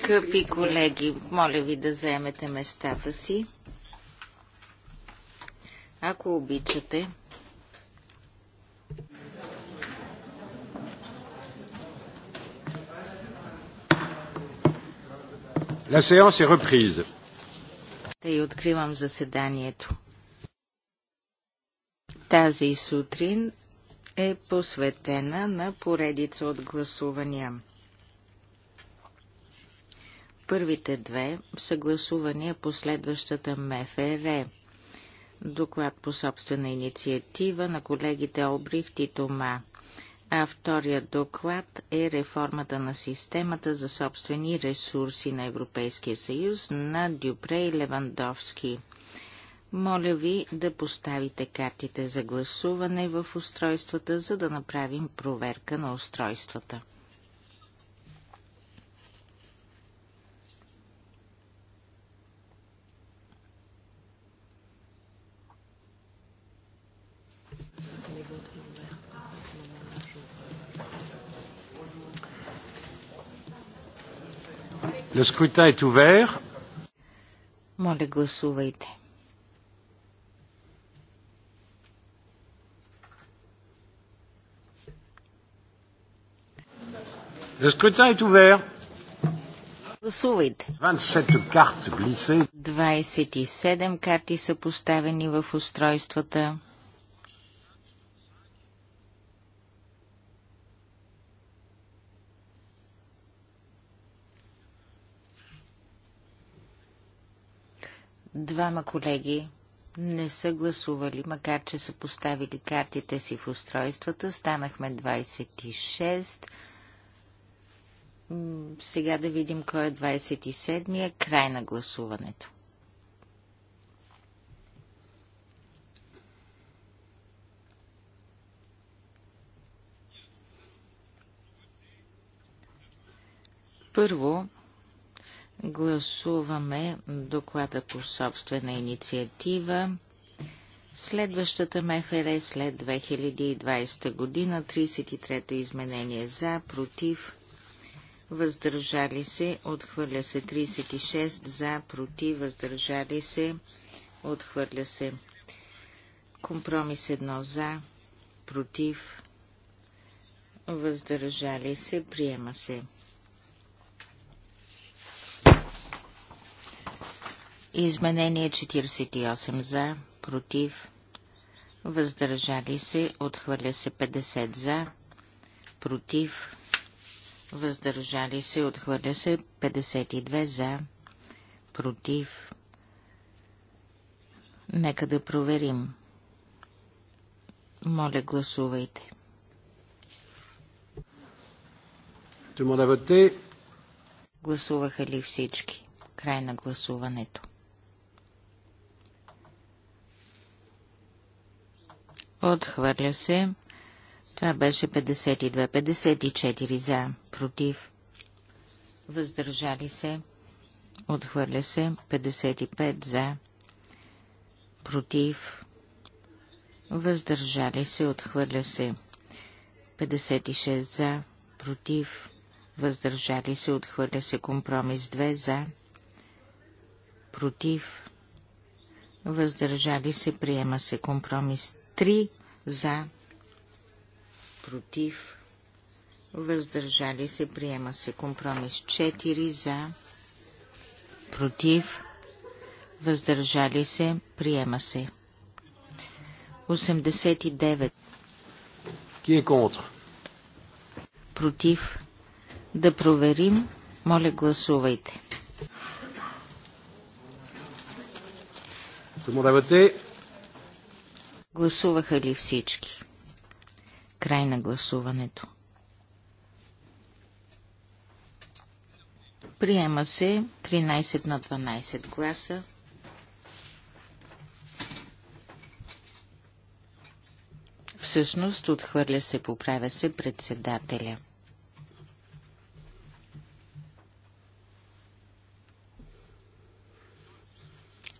Скъпи колеги, моля ви да заемете местата си. Ако обичате. La séance est reprise. Тъй откривам заседанието. Тази сутрин е посветена на поредица от гласувания. Първите две са гласувания по следващата МФР. Доклад по собствена инициатива на колегите Обрихт и Тома. А вторият доклад е реформата на системата за собствени ресурси на Европейския съюз на Дюпре и Левандовски. Моля ви да поставите картите за гласуване в устройствата, за да направим проверка на устройствата. Le scrutin est ouvert. Моля, гласувайте. Le scrutin est ouvert. Гласувайте. 27 карти са поставени в устройствата. Двама колеги не са гласували, макар че са поставили картите си в устройствата. Станахме 26. Сега да видим кой е 27-я. Край на гласуването. Първо гласуваме доклада по собствена инициатива. Следващата МФР е след 2020 година, 33-то изменение за, против, въздържали се, отхвърля се 36 за, против, въздържали се, отхвърля се. Компромис 1 за, против, въздържали се, приема се. Изменение 48 за, против, въздържали се, отхвърля се 50 за, против, въздържали се, отхвърля се 52 за, против. Нека да проверим. Моля, гласувайте. Гласуваха ли всички? Край на гласуването. Отхвърля се това беше 52. 54 за, против. Въздържали се. Отхвърля се. 55 за, против. Въздържали се. Отхвърля се. 56 за, против. Въздържали се. Отхвърля се. Компромис 2 за, против. Въздържали се. Приема се. Компромис 3 за, против против, въздържали се, приема се. Компромис 4 за, против, въздържали се, приема се. 89. Ки е контр? Против. Да проверим. Моля, гласувайте. Гласуваха ли всички? Край на гласуването. Приема се 13 на 12 гласа. Всъщност отхвърля се, поправя се председателя.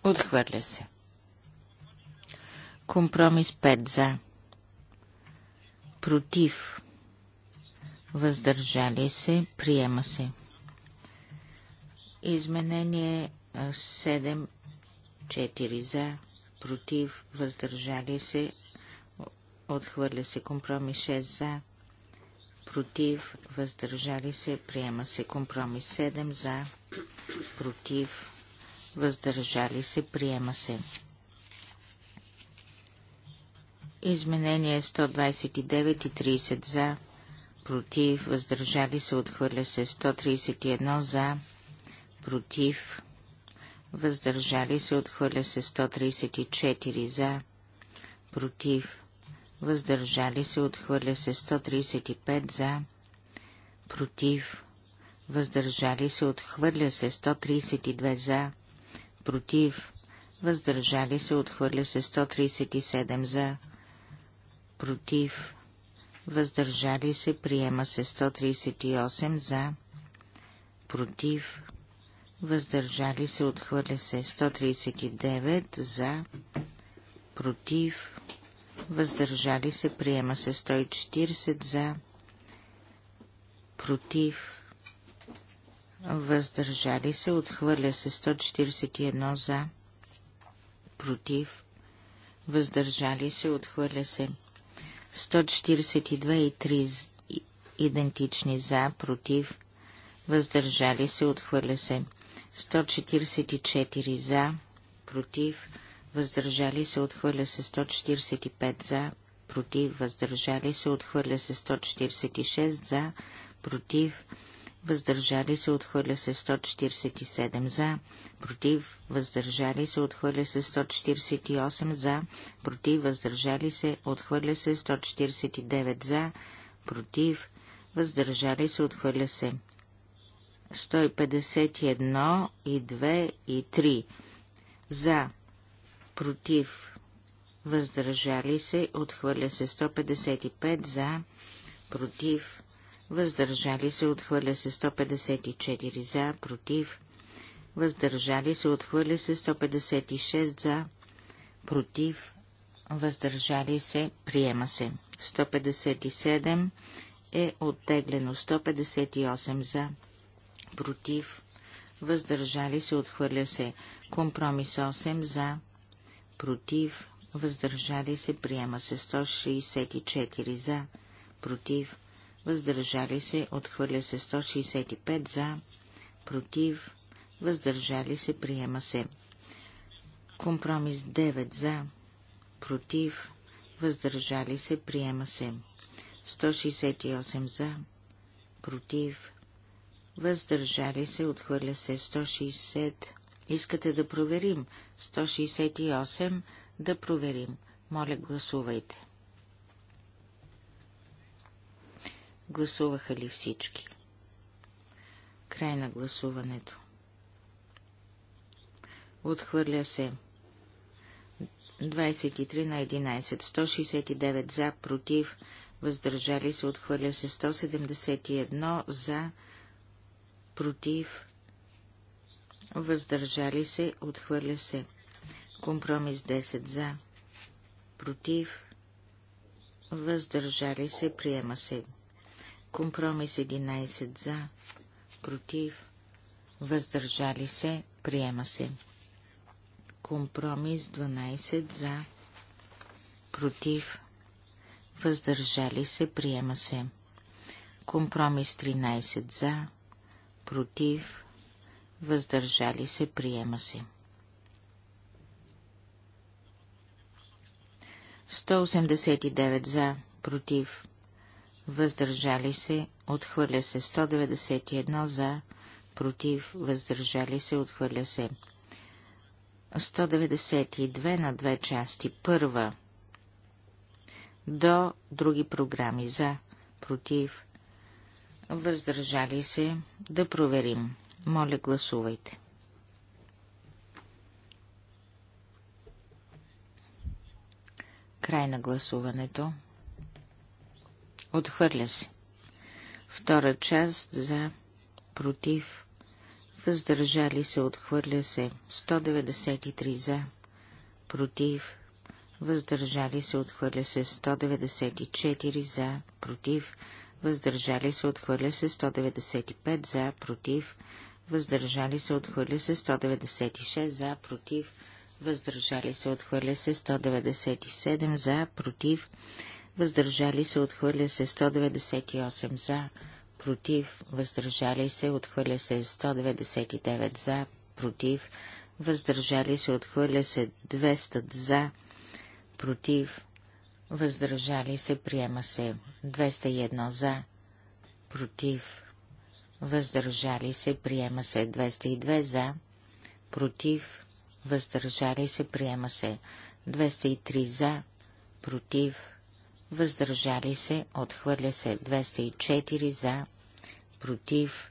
Отхвърля се. Компромис 5 за против, въздържали се, приема се. Изменение 7, 4 за, против, въздържали се, отхвърля се компромис 6 за, против, въздържали се, приема се компромис 7 за, против, въздържали се, приема се. Изменение 129 и 30 за, против, въздържали се, отхвърля се 131 за, против, въздържали се, отхвърля се 134 за, против, въздържали се, отхвърля се 135 за, против, въздържали се, отхвърля се 132 за, против, въздържали се, отхвърля се 137 за, против, въздържали се, приема се 138 за, против, въздържали се, отхвърля се 139 за, против, въздържали се, приема се 140 за, против, въздържали се, отхвърля се 141 за, против, въздържали се, отхвърля се 142 и 3 идентични за, против, въздържали се, отхвърля се. 144 за, против, въздържали се, отхвърля се. 145 за, против, въздържали се, отхвърля се. 146 за, против, въздържали се въздържали се, отхвърля се 147 за, против, въздържали се, отхвърля се 148 за, против, въздържали се, отхвърля се 149 за, против, въздържали се, отхвърля се 151 и 2 и 3 за, против, въздържали се, отхвърля се 155 за, против, въздържали се, отхвърля се 154 за, против, въздържали се, отхвърля се 156 за, против, въздържали се, приема се. 157 е оттеглено, 158 за, против, въздържали се, отхвърля се. Компромис 8 за, против, въздържали се, приема се 164 за, против, въздържали се, отхвърля се 165 за, против, въздържали се, приема се. Компромис 9 за, против, въздържали се, приема се. 168 за, против, въздържали се, отхвърля се 160. Искате да проверим? 168 да проверим. Моля, гласувайте. Гласуваха ли всички? Край на гласуването. Отхвърля се. 23 на 11. 169 за, против, въздържали се. Отхвърля се 171 за, против, въздържали се. Отхвърля се. Компромис 10 за, против, въздържали се. Приема се. Компромис 11 за, против, въздържали се, приема се. Компромис 12 за, против, въздържали се, приема се. Компромис 13 за, против, въздържали се, приема се. 189 за, против, въздържали се, отхвърля се 191 за, против, въздържали се, отхвърля се 192 на две части. Първа до други програми за, против, въздържали се, да проверим. Моля, гласувайте. Край на гласуването. Отхвърля се. Втора част за против. Въздържали се. Отхвърля се. 193 за против. Въздържали се. Отхвърля се. 194 за против. Въздържали се. Отхвърля се. 195 за против. Въздържали се. Отхвърля се. 196 за против въздържали се отхвърля се 197 за, против, въздържали се, отхвърля се 198 за, против, въздържали се, отхвърля се 199 за, против, въздържали се, отхвърля се 200 за, против, въздържали се, приема се 201 за, против, въздържали се, приема се 202 за, против, въздържали се, приема се 203 за, против, въздържали се, отхвърля се 204 за, против,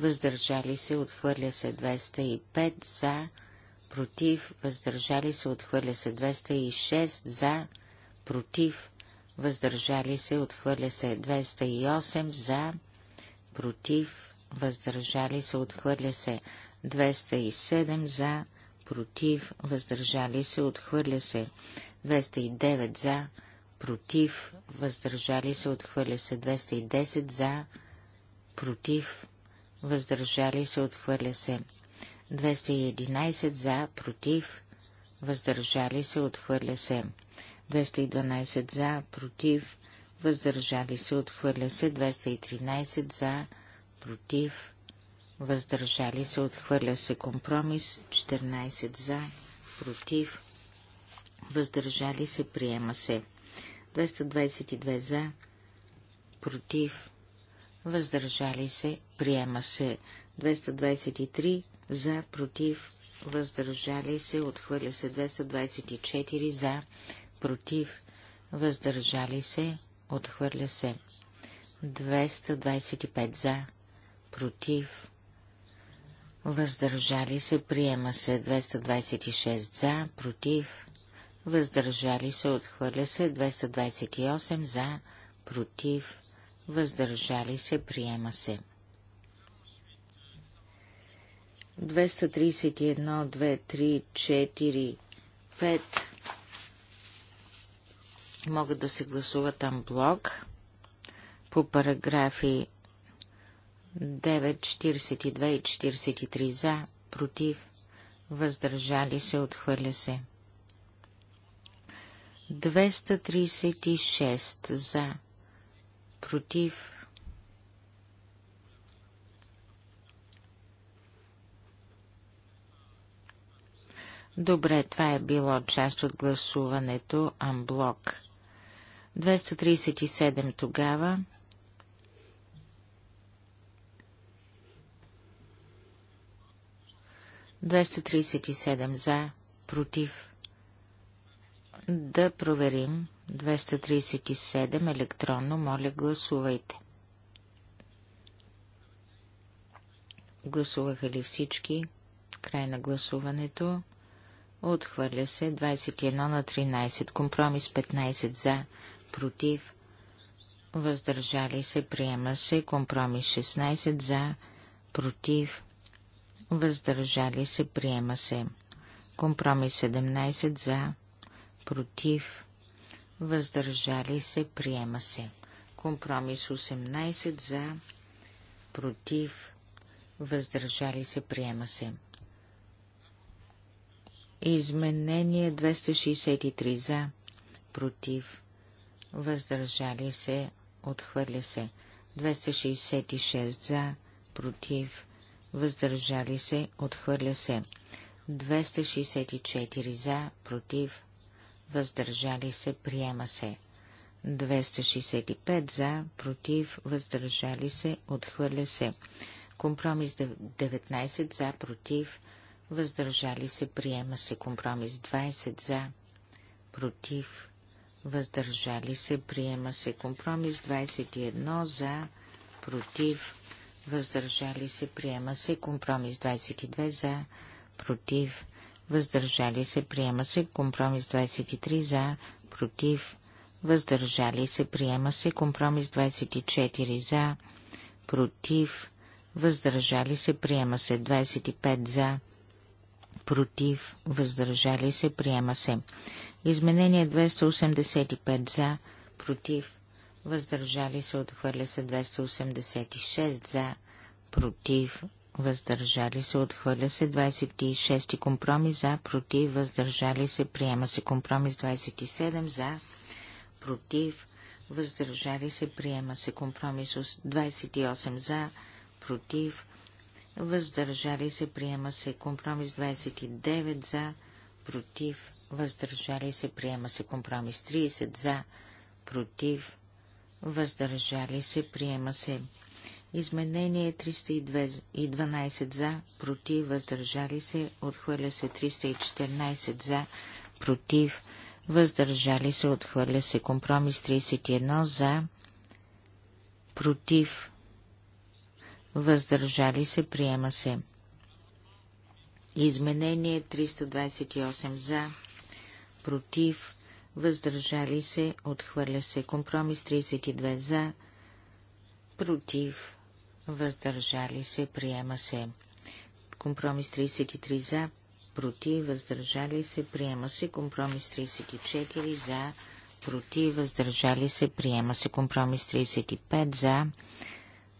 въздържали се, отхвърля се 205 за, против, въздържали се, отхвърля се 206 за, против, въздържали се, отхвърля се 208 за, против, въздържали се, отхвърля се 207 за, против, въздържали се, отхвърля се 209 за, против, въздържали се, отхвърля се 210 за, против, въздържали се, отхвърля се 211 за, против, въздържали се, отхвърля се 212 за, против, въздържали се, отхвърля се 213 за, против, въздържали се, отхвърля се компромис 14 за, против, въздържали се, приема се 222 за, против, въздържали се, приема се. 223 за, против, въздържали се, отхвърля се. 224 за, против, въздържали се, отхвърля се. 225 за, против, въздържали се, приема се. 226 за, против, въздържали се, отхвърля се 228 за, против, въздържали се, приема се. 231, 2, 4, 5 могат да се гласуват амблок по параграфи 9, 42 и 43 за, против, въздържали се, отхвърля се. 236 за, против. Добре, това е било част от гласуването Амблок. 237 тогава. Двеста за, против. Да проверим 237 електронно. Моля, гласувайте. Гласуваха ли всички? Край на гласуването. Отхвърля се 21 на 13. Компромис 15 за, против. Въздържали се, приема се. Компромис 16 за, против. Въздържали се, приема се. Компромис 17 за, против, въздържали се, приема се. Компромис 18 за, против, въздържали се, приема се. Изменение 263 за, против, въздържали се, отхвърля се. 266 за, против, въздържали се, отхвърля се. 264 за, против, въздържали се, приема се. 265 за, против, въздържали се, отхвърля се. Компромис 19 за, против, въздържали се, приема се. Компромис 20 за, против, въздържали се, приема се. Компромис 21 за, против, въздържали се, приема се. Компромис 22 за, против, въздържали се, приема се. Компромис 23 за, против, въздържали се, приема се. Компромис 24 за, против, въздържали се, приема се. 25 за, против, въздържали се, приема се. Изменение 285 за, против, въздържали се, отхвърля се 286 за, против, въздържали се, отхвърля се 26 компромис за, против, въздържали се, приема се компромис 27 за, против, въздържали се, приема се компромис 28 за, против, въздържали се, приема се компромис 29 за, против, въздържали се, приема се компромис 30 за, против, въздържали се, приема се Изменение 312 за, против, въздържали се, отхвърля се 314 за, против, въздържали се, отхвърля се компромис 31 за, против, въздържали се, приема се. Изменение 328 за, против, въздържали се, отхвърля се. Компромис 32 за, против, въздържали се, приема се. Компромис 33 за, против, въздържали се, приема се. Компромис 34 за, против, въздържали се, приема се. Компромис 35 за,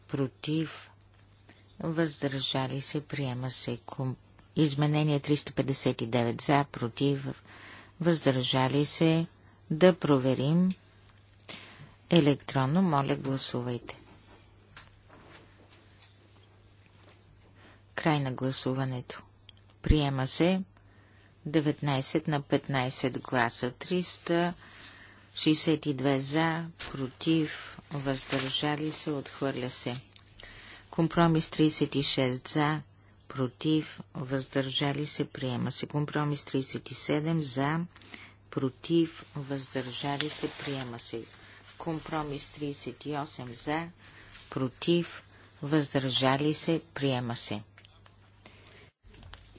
против, въздържали се, приема се. Изменение 359 за, против, въздържали се. Да проверим електронно. Моля, гласувайте. Край на гласуването. Приема се 19 на 15 гласа, 362 за, против, въздържали се, отхвърля се. Компромис 36 за, против, въздържали се, приема се. Компромис 37 за, против, въздържали се, приема се. Компромис 38 за, против, въздържали се, приема се.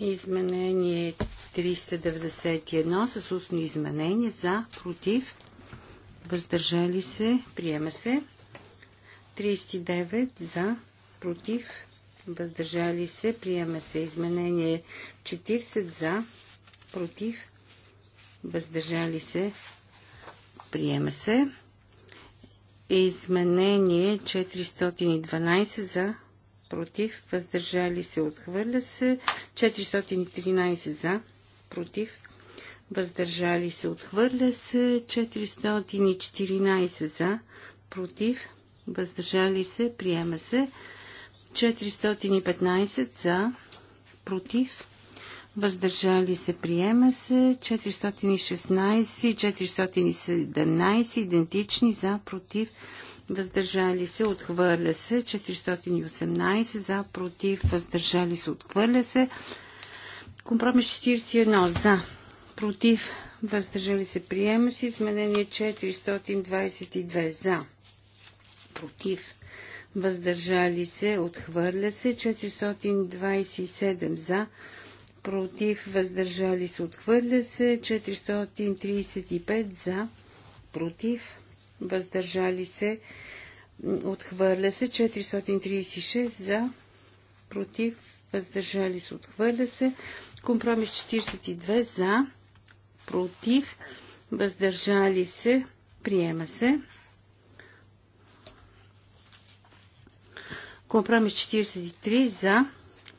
Изменение 391 с устно изменение за, против, въздържали се, приема се. 39 за, против, въздържали се, приема се. Изменение 40 за, против, въздържали се, приема се. Изменение 412 за, против, въздържали се, отхвърля се. 413 за, против, въздържали се, отхвърля се. 414 за, против, въздържали се, приема се. 415 за, против, въздържали се, приема се. 416 и 417 идентични за, против, въздържали се въздържали се, отхвърля се. 418 за, против, въздържали се, отхвърля се. Компромис 41 за, против, въздържали се, приема се. Изменение 422 за, против, въздържали се, отхвърля се. 427 за, против, въздържали се, отхвърля се. 435 за, против, въздържали се, отхвърля се, 436 за, против, въздържали се, отхвърля се, компромис 42 за, против, въздържали се, приема се. Компромис 43 за,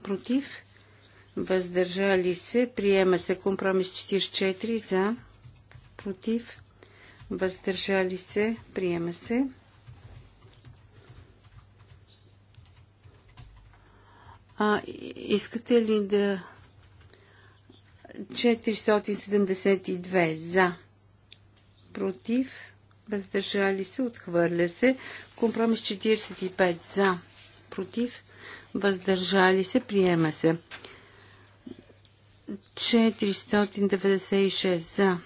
против, въздържали се, приема се компромис 44 за, против, въздържали се, приема се. А, искате ли да 472 за, против, въздържали се, отхвърля се. Компромис 45 за, против, въздържали се, приема се. 496 за,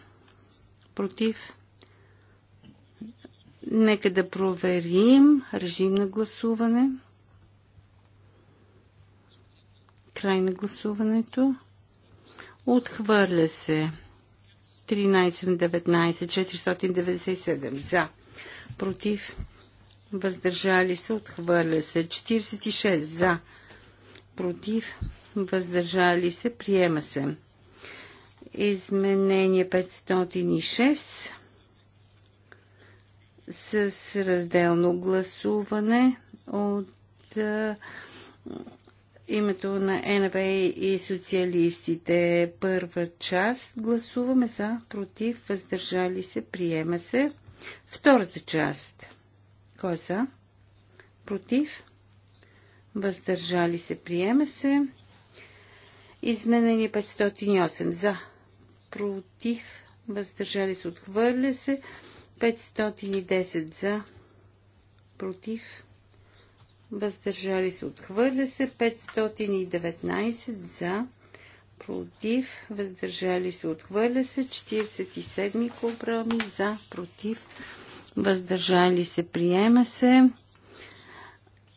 против, Нека да проверим режим на гласуване. Край на гласуването. Отхвърля се 13-19-497 за. Против. Въздържали се. Отхвърля се 46 за. Против. Въздържали се. Приема се. Изменение 506 с разделно гласуване от името на НВ и социалистите. Първа част гласуваме за, против, въздържали се, приема се. Втората част. Кой е за? Против? Въздържали се, приема се. Изменени 508 за. Против? Въздържали се, отхвърля се. 510 за, против, въздържали се, отхвърля се, 519 за, против, въздържали се, отхвърля се, 47 компроми за, против, въздържали се, приема се.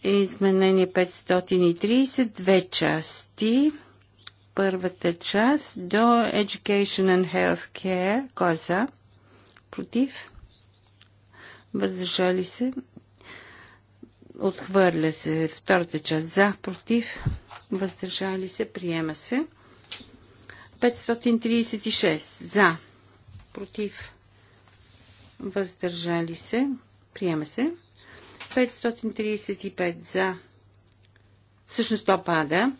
Изменение 530, две части. Първата част до Education and Health Care, против, е за? Против? въздържали се, отхвърля се. Втората част за, против, въздържали се, приема се. 536 за, против, въздържали се, приема се. 535 за, всъщност то пада.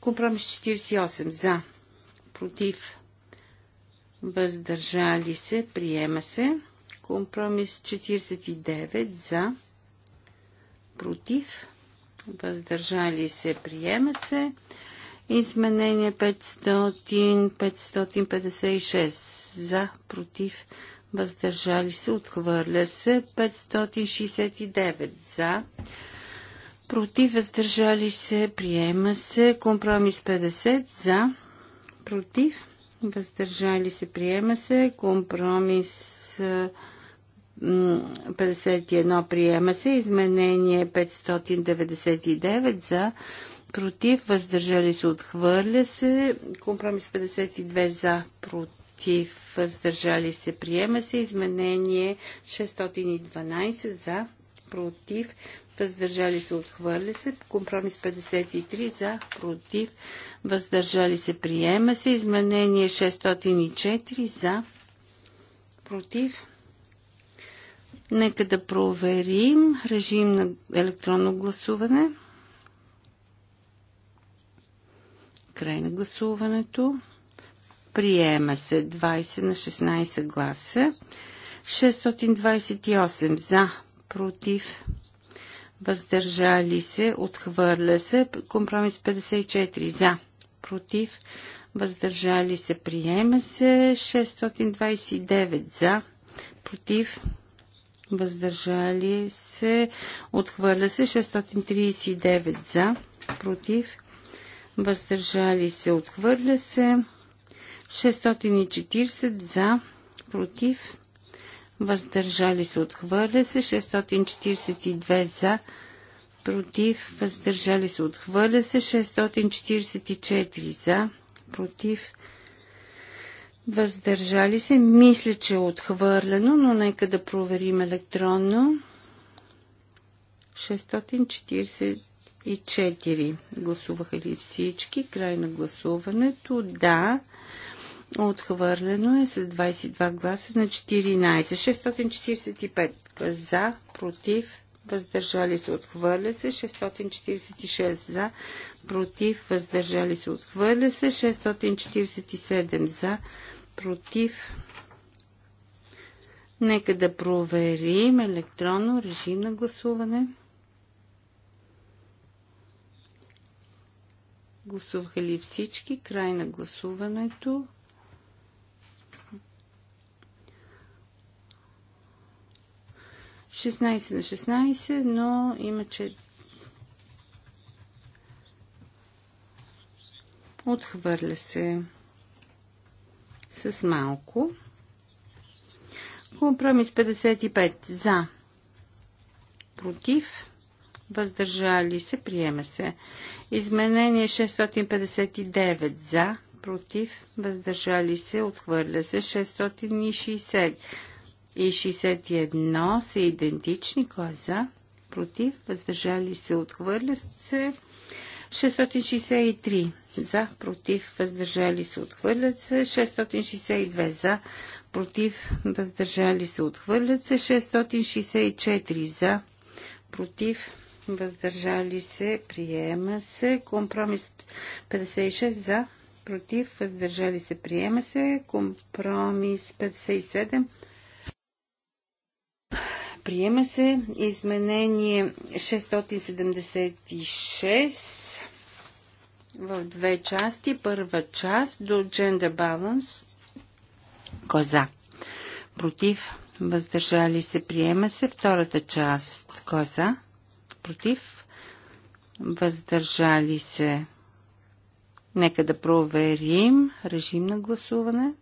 Компромис 48 за, против, въздържали се, приема се. Компромис 49 за, против, въздържали се, приема се. Изменение 500, 556 за, против, въздържали се, отхвърля се. 569 за, против, въздържали се, приема се. Компромис 50 за, против, въздържали се, приема се. Компромис 51 приема се. Изменение 599 за против, въздържали се, отхвърля се. Компромис 52 за против, въздържали се, приема се. Изменение 612 за против, въздържали се, отхвърля се. Компромис 53 за против, въздържали се, приема се. Изменение 604 за против, Нека да проверим режим на електронно гласуване. Край на гласуването. Приема се 20 на 16 гласа. 628 за, против, въздържали се, отхвърля се. Компромис 54 за, против, въздържали се, приема се. 629 за, против, въздържали се, отхвърля се 639 за, против, въздържали се, отхвърля се 640 за, против, въздържали се, отхвърля се 642 за, против, въздържали се, отхвърля се 644 за, против, въздържали се, въздържали се. Мисля, че е отхвърлено, но нека да проверим електронно. 644 гласуваха ли всички? Край на гласуването. Да. Отхвърлено е с 22 гласа на 14. 645 за, против, въздържали се, отхвърля се. 646 за, против, въздържали се, отхвърля се. 647 за, против. Нека да проверим електронно режим на гласуване. Гласуваха ли всички? Край на гласуването. Шестнайсет на 16, но има, че отхвърля се с малко. Компромис 55 за, против, въздържали се, приема се. Изменение 659 за, против, въздържали се, отхвърля се 660 и 61 са идентични, кой е за, против, въздържали се, отхвърля се 663 за, против, въздържали се, отхвърлят се. 662 за, против, въздържали се, отхвърлят се. 664 за, против, въздържали се, приема се. Компромис 56 за, против, въздържали се, приема се. Компромис 57 Приема се изменение 676 в две части. Първа част до Gender Balance. Коза. Против. Въздържали се. Приема се. Втората част. Коза. Против. Въздържали се. Нека да проверим режим на гласуване.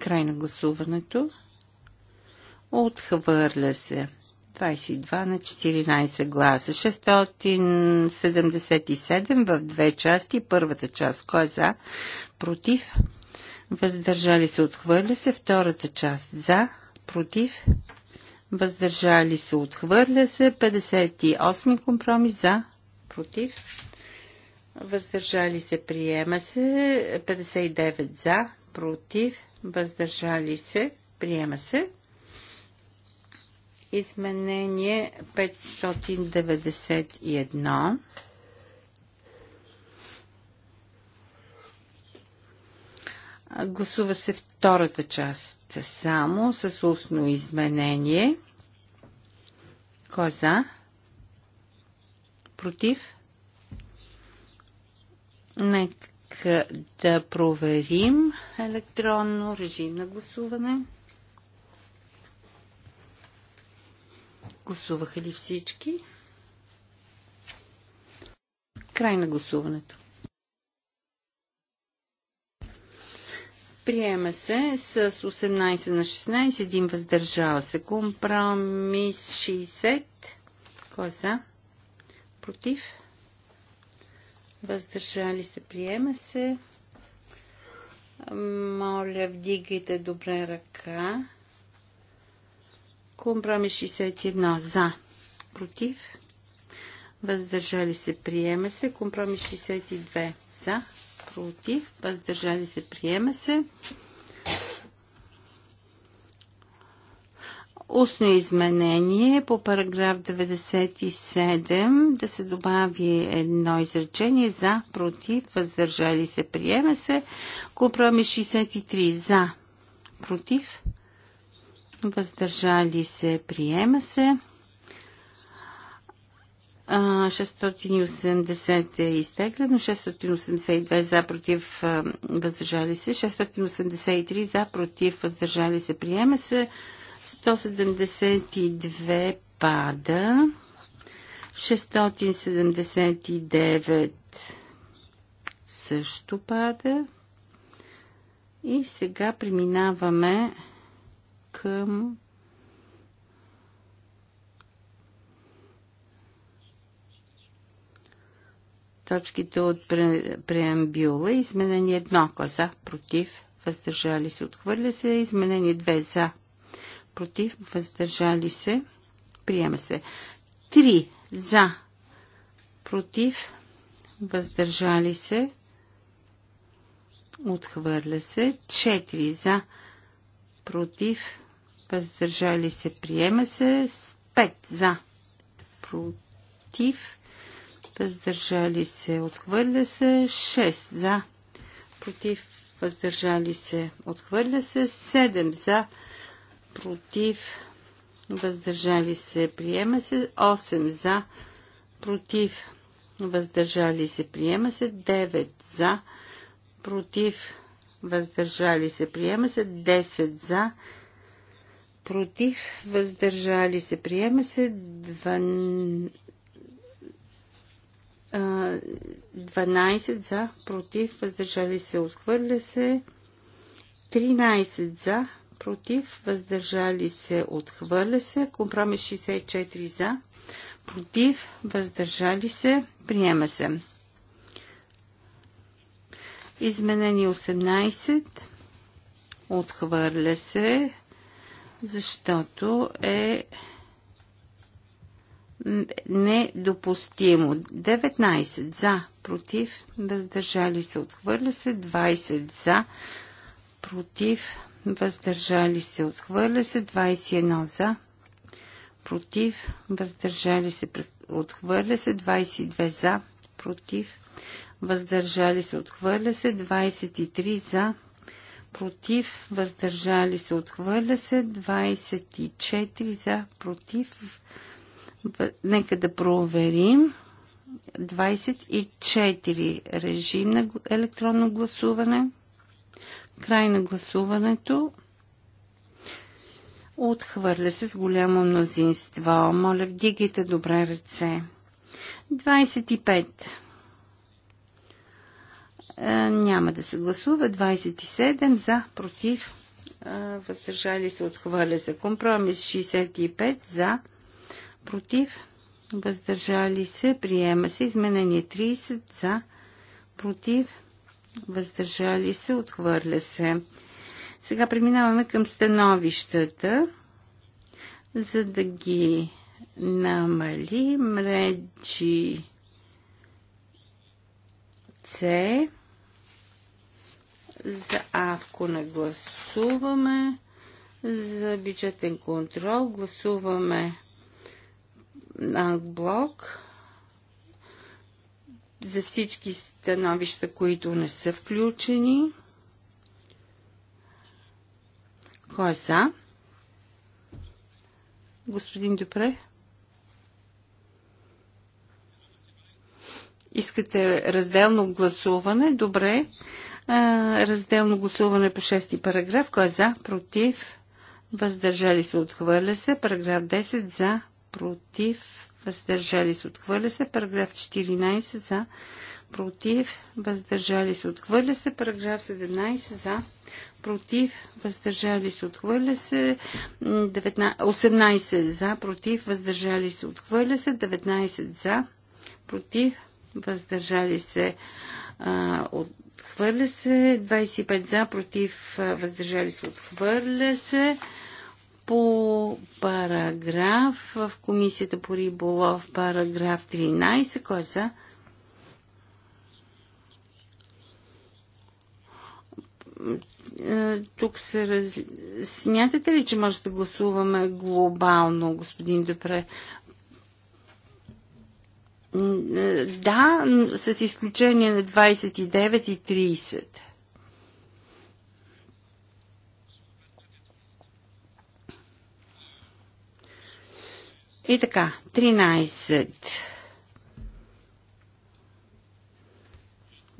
Край на гласуването. Отхвърля се. 22 на 14 гласа. 677 в две части. Първата част. Кой е за? Против? Въздържали се. Отхвърля се. Втората част. За? Против? Въздържали се. Отхвърля се. 58 компромис. За? Против? Въздържали се. Приема се. 59 за? Против? Въздържали се. Приема се. Изменение 591. Гласува се втората част само с устно изменение. Кой е за? Против? Нека да проверим електронно режим на гласуване. Гласуваха ли всички? Край на гласуването. Приема се с 18 на 16, един въздържава се. Компромис 60. Кой са? Е Против? Въздържали се. Приема се. Моля, вдигайте добре ръка. Компромис 61 за, против, въздържали се, приема се. Компромис 62 за, против, въздържали се, приема се. Устно изменение по параграф 97 да се добави едно изречение за, против, въздържали се, приема се. Компромис 63 за, против, въздържали се, приема се. 680 е изтеглено, 682 за против въздържали се, 683 за против въздържали се, приема се, 172 пада, 679 също пада. И сега преминаваме към точките от пре, преамбюла. едно ако коза, е против, въздържали се, отхвърля се. изменени 2 за, против, въздържали се, приема се. 3 за, против, въздържали се, отхвърля се. 4 за, против, въздържали се, приема се. 5 за, против, въздържали се, отхвърля се. 6 за, против, въздържали се, отхвърля се. 7 за, против, въздържали се, приема се. 8 за, против, въздържали се, приема се. 9 за, против, въздържали се, приема се. 10 за, против, въздържали се, приема се 12, за, против, въздържали се, отхвърля се 13 за, против, въздържали се, отхвърля се, компромис 64 за, против, въздържали се, приема се. Изменени 18, отхвърля се, защото е недопустимо. 19 за, против, въздържали се, отхвърля се. 20 за, против, въздържали се, отхвърля се. 21 за, против, въздържали се, отхвърля се. 22 за, против, въздържали се, отхвърля се. 23 за, против, въздържали се, отхвърля се, 24 за, против, нека да проверим, 24 режим на електронно гласуване, край на гласуването, отхвърля се с голямо мнозинство, моля вдигайте добре ръце, 25 е, няма да се гласува. 27 за, против, е, въздържали се, отхвърля се. Компромис 65 за, против, въздържали се, приема се. Изменение 30 за, против, въздържали се, отхвърля се. Сега преминаваме към становищата, за да ги намалим. Речи C за АВКО не гласуваме. За бюджетен контрол гласуваме блок за всички становища, които не са включени. Кой е са? Господин Дюпре? Искате разделно гласуване? Добре разделно гласуване по 6 параграф. Кой е за? Против? Въздържали се? Отхвърля се. Параграф 10 за? Против? Въздържали се? Отхвърля се. Параграф 14 за? Против? Въздържали се? Отхвърля се. Параграф 17 за? Против? Въздържали се? Отхвърля се. 18 за? Против? Въздържали се? Отхвърля се. 19 за? Против? Въздържали се? от отхвърля се. 25 за, против, въздържали се, отхвърля се. По параграф в Комисията по риболов, параграф 13, кой е за? тук се раз... Смятате ли, че може да гласуваме глобално, господин Депре? Да, с изключение на 29 и 30. И така, 13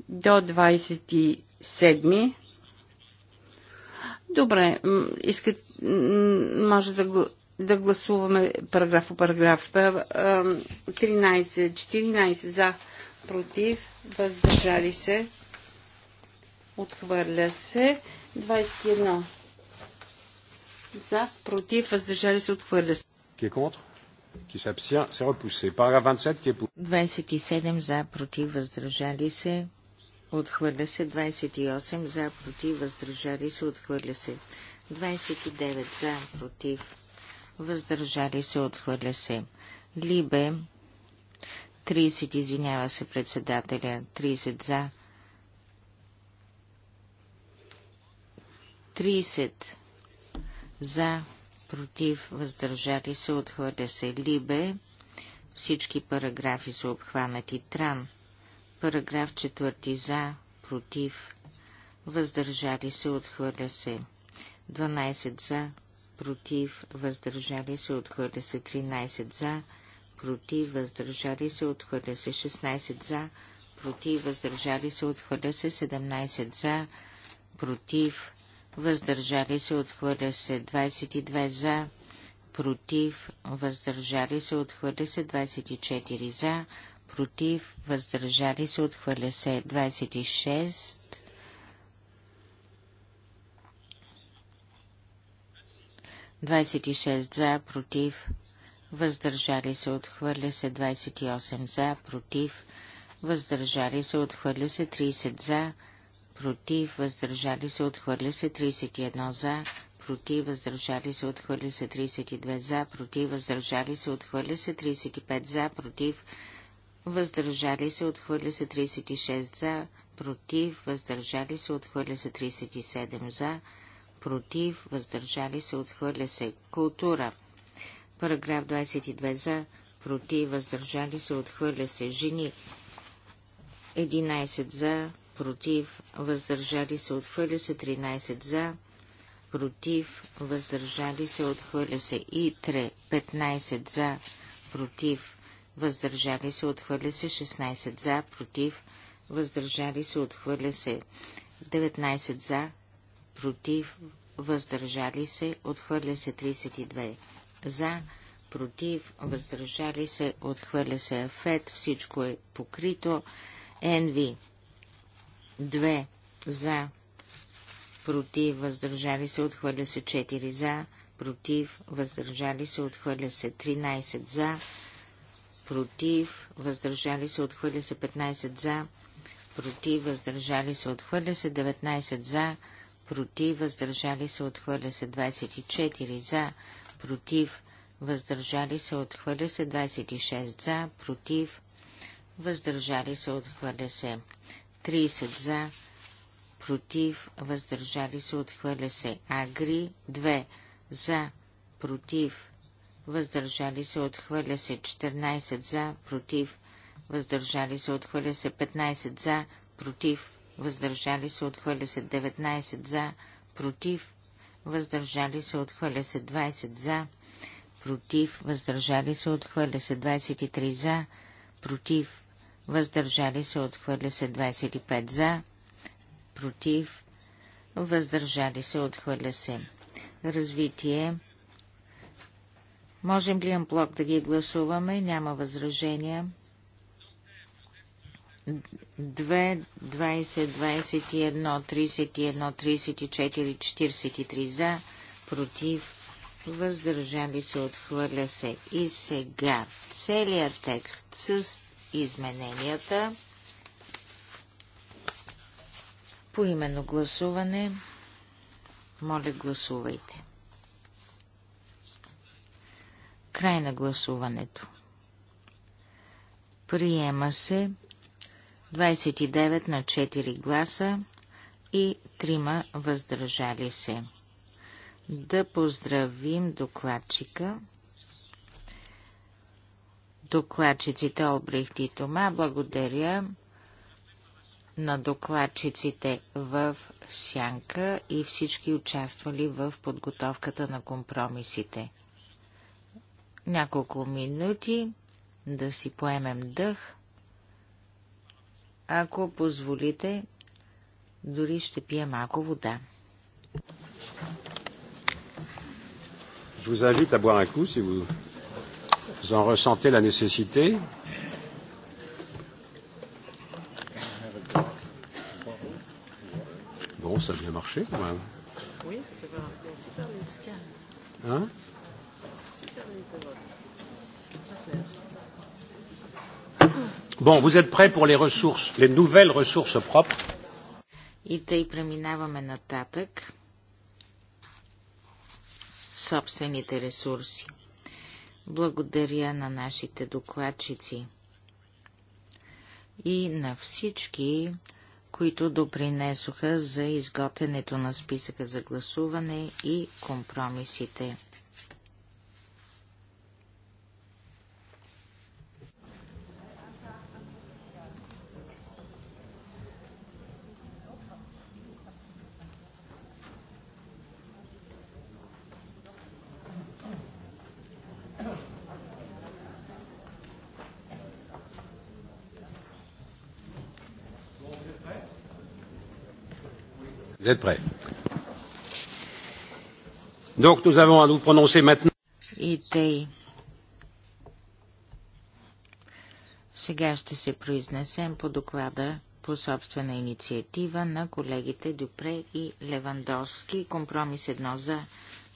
до 27. Добре, искат, може да го да гласуваме параграф по параграф. 13, е, 14 е, за, против, въздържали се, отхвърля се. 21 за, против, въздържали се, отхвърля се. Ке контр? Ки Qui s'abstient C'est Параграф 27 ке est 27 за, против, въздържали се, отхвърля се. 28 за, против, въздържали се, отхвърля се. 29 за, против, въздържали се, отхвърля се. Либе 30, извинява се председателя, 30 за. 30 за, против, въздържали се, отхвърля се. Либе всички параграфи са обхванати. Тран параграф 4 за, против, въздържали се, отхвърля се. 12 за, против, въздържали се, отхвърля се 13 за, против, въздържали се, отхвърля се 16 за, против, въздържали се, отхвърля се 17 за, против, въздържали се, отхвърля се 22 за, против, въздържали се, отхвърля се 24 за, против, въздържали се, отхвърля се 26 26 за, против, въздържали се, отхвърля се 28 за, против, въздържали се, отхвърля се 30 за, против, въздържали се, отхвърля се 31 за, против, въздържали се, отхвърля се 32 за, против, въздържали се, отхвърля се 35 за, против, въздържали се, отхвърля се 36 за, против, въздържали се, отхвърля се 37 за, против, въздържали се, отхвърля се. Култура. Параграф 22 за, против, въздържали се, отхвърля се. Жени. 11 за, против, въздържали се, отхвърля се. 13 за, против, въздържали се, отхвърля се. И 3, 15 за, против, въздържали се, отхвърля се. 16 за, против, въздържали се, отхвърля се. 19 за, против, въздържали се, отхвърля се 32. За, против, въздържали се, отхвърля се фет, всичко е покрито. Енви, 2. За, против, въздържали се, отхвърля се 4. За, против, въздържали се, отхвърля се 13. За, против, въздържали се, отхвърля се 15. За, против, въздържали се, отхвърля се 19. За, против, въздържали се, отхвърля се 24 за, против, въздържали се, отхвърля се 26 за, против, въздържали се, отхвърля се 30 за, против, въздържали се, отхвърля се агри 2 за, против, въздържали се, отхвърля се 14 за, против, въздържали се, отхвърля се 15 за, против, въздържали се, отхвърля се 19 за, против, въздържали се, отхвърля се 20 за, против, въздържали се, отхвърля се 23 за, против, въздържали се, отхвърля се 25 за, против, въздържали се, отхвърля се. Развитие. Можем ли блок да ги гласуваме? Няма възражения. 2, 20, 21, 31, 34, 43 за, против, въздържали се, отхвърля се. И сега целият текст с измененията по именно гласуване. Моля, гласувайте. Край на гласуването. Приема се 29 на 4 гласа и 3 въздържали се. Да поздравим докладчика. Докладчиците Олбрихт и Тома, благодаря на докладчиците в Сянка и всички участвали в подготовката на компромисите. Няколко минути да си поемем дъх. Ако позволите, дори ще пия малко вода. Je vous invite à boire un coup si vous, vous en ressentez la nécessité. Bon, ça a bien marché quand même. Oui, ça fait pas marcher. super résultat. Hein Super Super, résultat. Bon, vous êtes prêts pour les ressources, les nouvelles ressources propres? И тъй преминаваме нататък. Собствените ресурси. Благодаря на нашите докладчици и на всички, които допринесоха за изготвянето на списъка за гласуване и компромисите. Vous êtes prêts Donc nous avons à nous prononcer maintenant. И Сега ще се произнесем по доклада по собствена инициатива на колегите Дюпре и Левандовски. Компромис едно за,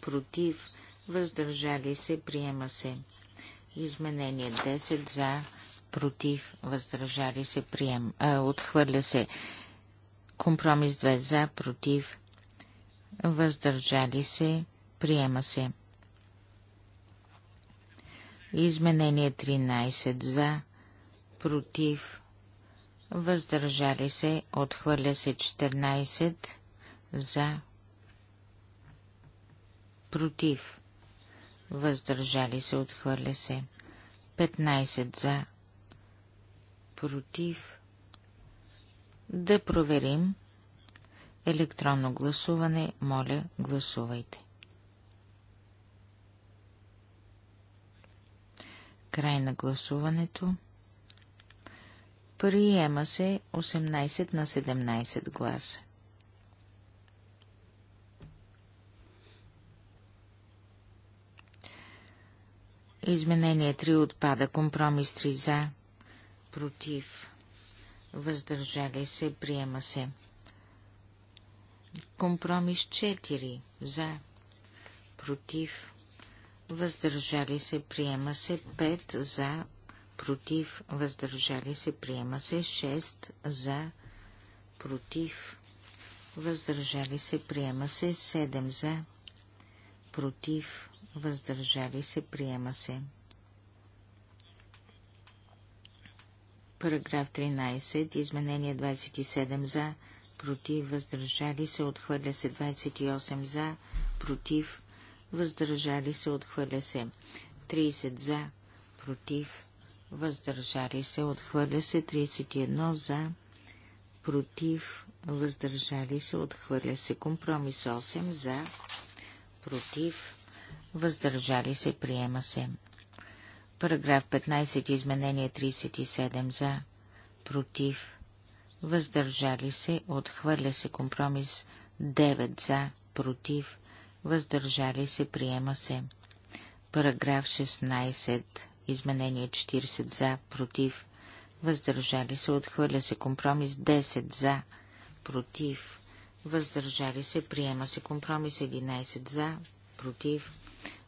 против, въздържали се, приема се. Изменение 10 за, против, въздържали се, приема. отхвърля се. Компромис 2 за, против, въздържали се, приема се. Изменение 13 за, против, въздържали се, отхвърля се 14 за, против, въздържали се, отхвърля се 15 за, против, да проверим. Електронно гласуване, моля, гласувайте. Край на гласуването. Приема се 18 на 17 гласа. Изменение 3 отпада. Компромис 3 за. Против въздържали се, приема се. Компромис 4 за, против, въздържали се, приема се 5 за, против, въздържали се, приема се 6 за, против, въздържали се, приема се 7 за, против, въздържали се, приема се. Параграф 13. Изменение 27 за, против, въздържали се, отхвърля се 28 за, против, въздържали се, отхвърля се 30 за, против, въздържали се, отхвърля се 31 за, против, въздържали се, отхвърля се компромис 8 за, против, въздържали се, приема се. Параграф 15, изменение 37 за, против, въздържали се, отхвърля се компромис 9 за, против, въздържали се, приема се. Параграф 16, изменение 40 за, против, въздържали се, отхвърля се компромис 10 за, против, въздържали се, приема се компромис 11 за, против,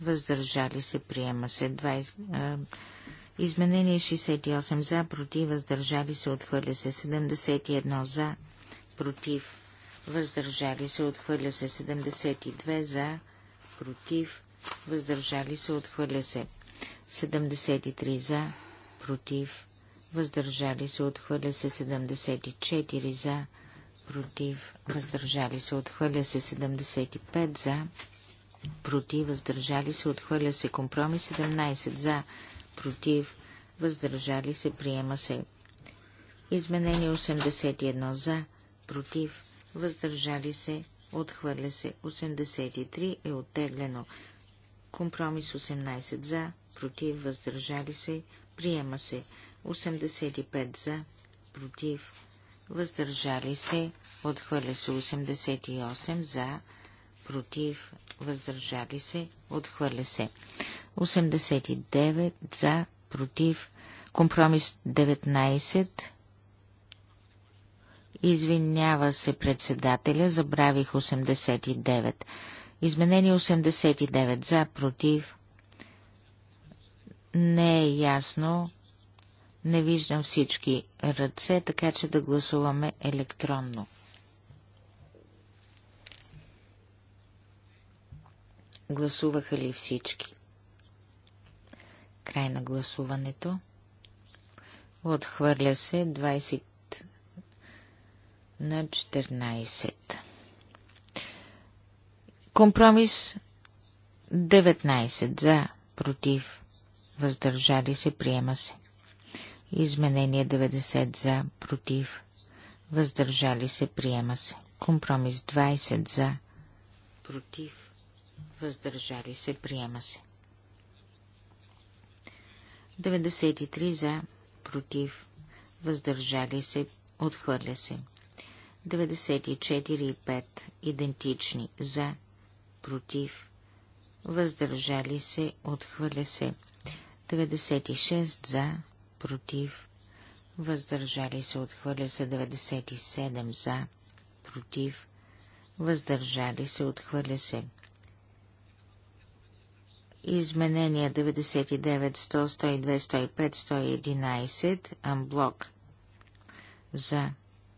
въздържали се, приема се. 20, изменение 68 за, против, въздържали се, отхвърля се. 71 за, против, въздържали се, отхвърля се. 72 за, против, въздържали се, отхвърля се. 73 за, против, въздържали се, отхвърля се 74 за, против, въздържали се, отхвърля се 75 за, против, въздържали се, отхвърля се. Компромис 17 за, против, въздържали се, приема се. Изменение 81 за, против, въздържали се, отхвърля се. 83 е оттеглено. Компромис 18 за, против, въздържали се, приема се. 85 за, против, въздържали се, отхвърля се. 88 за, против, въздържали се, отхвърля се. 89 за, против, компромис 19. Извинява се председателя, забравих 89. Изменени 89 за, против. Не е ясно. Не виждам всички ръце, така че да гласуваме електронно. Гласуваха ли всички? Край на гласуването. Отхвърля се 20 на 14. Компромис 19 за, против, въздържали се, приема се. Изменение 90 за, против, въздържали се, приема се. Компромис 20 за, против, въздържали се, приема се. 93 за, против, въздържали се, отхвърля се. 94 и 5 идентични за, против, въздържали се, отхвърля се. 96 за, против, въздържали се, отхвърля се. 97 за, против, въздържали се, отхвърля се. Изменения 99, 100, 102, 105, 111, амблок. За,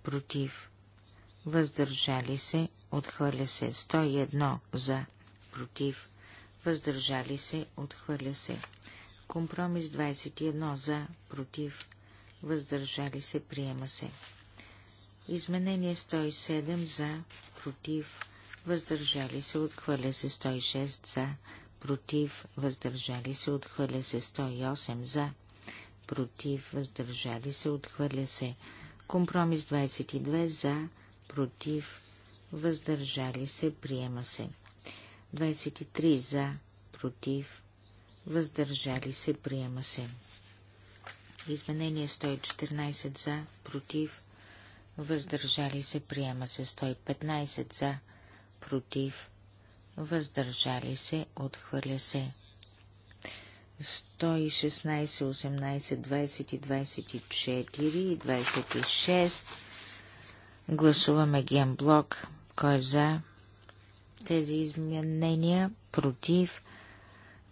против, въздържали се, отхвърля се. 101 за, против, въздържали се, отхвърля се. Компромис 21 за, против, въздържали се, приема се. Изменение 107 за, против, въздържали се, отхвърля се 106 за, против, въздържали се, отхвърля се 108 за, против, въздържали се, отхвърля се. Компромис 22 за, против, въздържали се, приема се. 23 за, против, въздържали се, приема се. Изменение 114 за, против, въздържали се, приема се. 115 за, против, въздържали се, отхвърля се. 116, 18, 20, 24 и 26. Гласуваме генблок. Кой е за тези изменения? Против?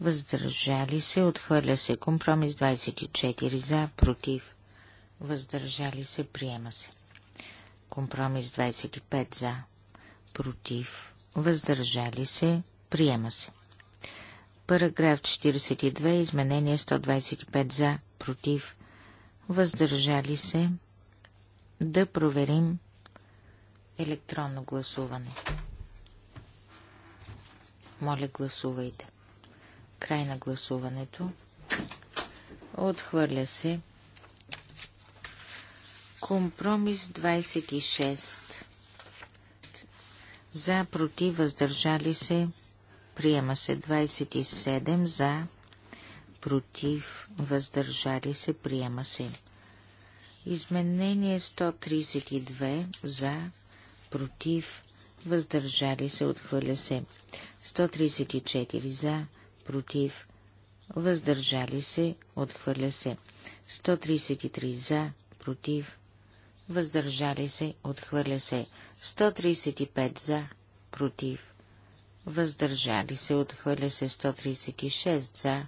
Въздържали се? Отхвърля се. Компромис 24 за, против. Въздържали се? Приема се. Компромис 25 за, против въздържали се, приема се. Параграф 42, изменение 125 за, против, въздържали се, да проверим електронно гласуване. Моля, гласувайте. Край на гласуването. Отхвърля се. Компромис 26 за, против, въздържали се, приема се 27 за, против, въздържали се, приема се. Изменение 132 за, против, въздържали се, отхвърля се. 134 за, против, въздържали се, отхвърля се. 133 за, против, въздържали се, отхвърля се. 135 за, против, въздържали се, отхвърля се. 136 за,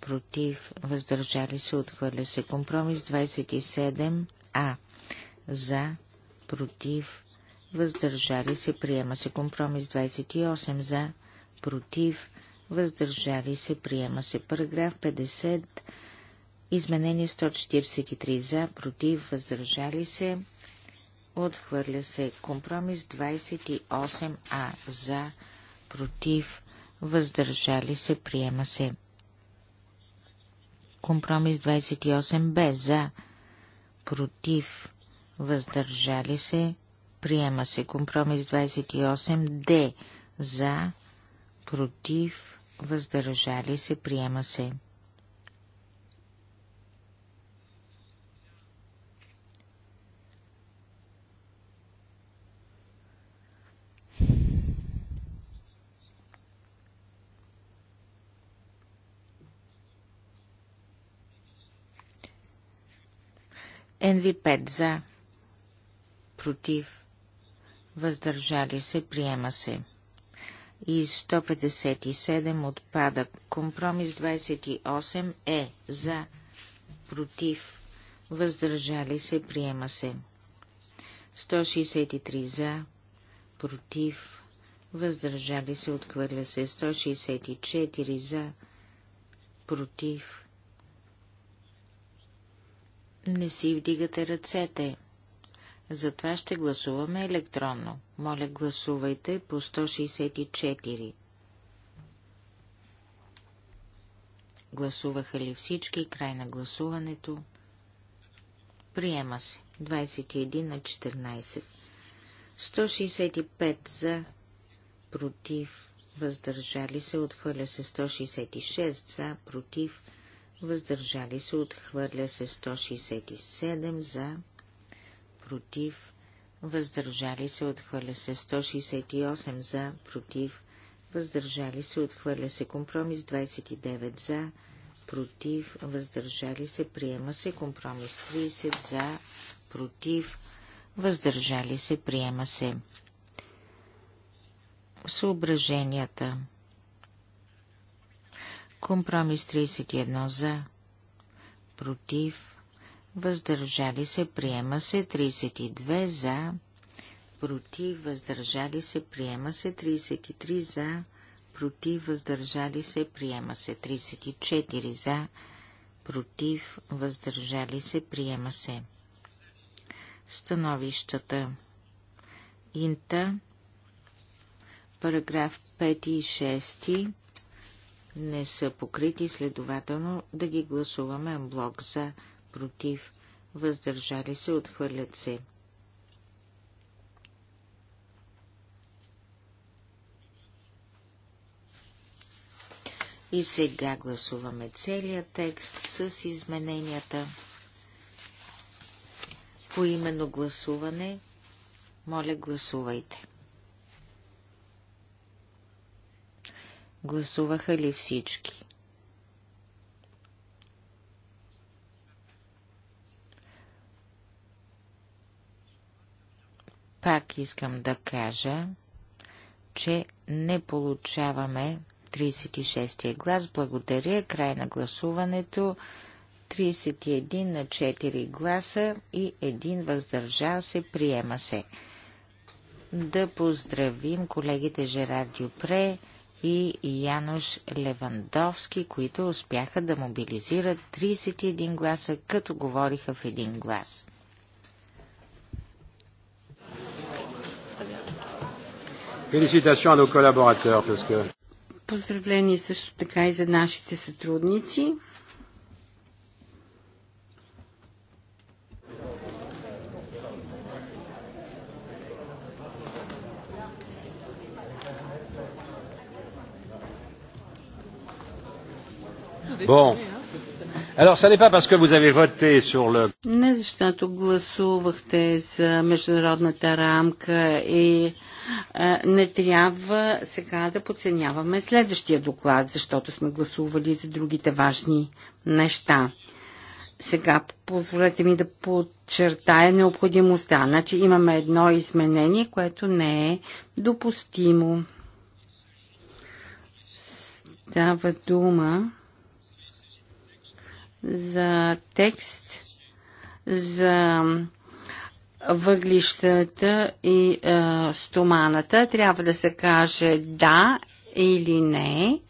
против, въздържали се, отхвърля се. Компромис 27 а, за, против, въздържали се, приема се. Компромис 28 за, против, въздържали се, приема се. Параграф 50 Изменение 143 за, против, въздържали се. Отхвърля се компромис 28А за, против, въздържали се, приема се. Компромис 28Б за, против, въздържали се, приема се. Компромис 28Д за, против, въздържали се, приема се. NV5 за. Против. Въздържали се. Приема се. И 157 отпада. Компромис 28 е за. Против. Въздържали се. Приема се. 163 за. Против. Въздържали се. Отхвърля се. 164 за. Против не си вдигате ръцете. Затова ще гласуваме електронно. Моля, гласувайте по 164. Гласуваха ли всички? Край на гласуването. Приема се. 21 на 14. 165 за, против, въздържали се, отхвърля се 166 за, против, въздържали се, отхвърля се 167 за, против, въздържали се, отхвърля се 168 за, против, въздържали се, отхвърля се компромис 29 за, против, въздържали се, приема се компромис 30 за, против, въздържали се, приема се. Съображенията Компромис 31 за. Против. Въздържали се. Приема се. 32 за. Против. Въздържали се. Приема се. 33 за. Против. Въздържали се. Приема се. 34 за. Против. Въздържали се. Приема се. Становищата. Инта. Параграф 5 и 6 не са покрити, следователно да ги гласуваме блок за, против, въздържали се, отхвърлят се. И сега гласуваме целият текст с измененията. По именно гласуване, моля гласувайте. Гласуваха ли всички? Пак искам да кажа, че не получаваме 36-я глас. Благодаря. Край на гласуването. 31 на 4 гласа и един въздържал се. Приема се. Да поздравим колегите Жерар Дюпре, и Януш Левандовски, които успяха да мобилизират 31 гласа, като говориха в един глас. Поздравление също така и за нашите сътрудници. Bon. Alors, ça n'est pas parce que vous avez voté sur le... Не защото гласувахте за международната рамка и а, е, не трябва сега да подценяваме следващия доклад, защото сме гласували за другите важни неща. Сега позволете ми да подчертая необходимостта. Значи имаме едно изменение, което не е допустимо. Става дума за текст за въглищата и е, стоманата. Трябва да се каже да или не.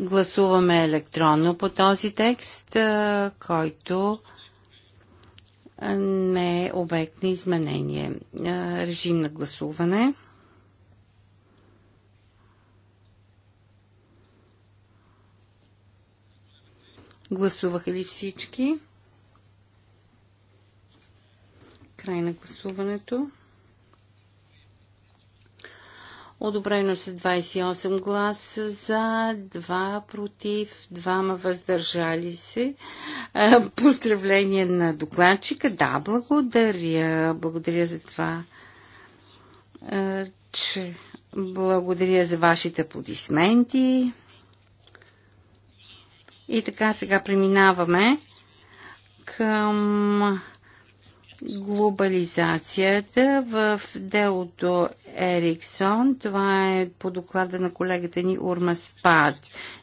Гласуваме електронно по този текст, е, който не е обект на изменение. Е, режим на гласуване. Гласуваха ли всички? Край на гласуването. Одобрено с 28 гласа за, 2 против, 2 въздържали се. Поздравление на докладчика. Да, благодаря. Благодаря за това, че благодаря за вашите аплодисменти. И така сега преминаваме към глобализацията в делото Ериксон. Това е по доклада на колегата ни Урма Спад.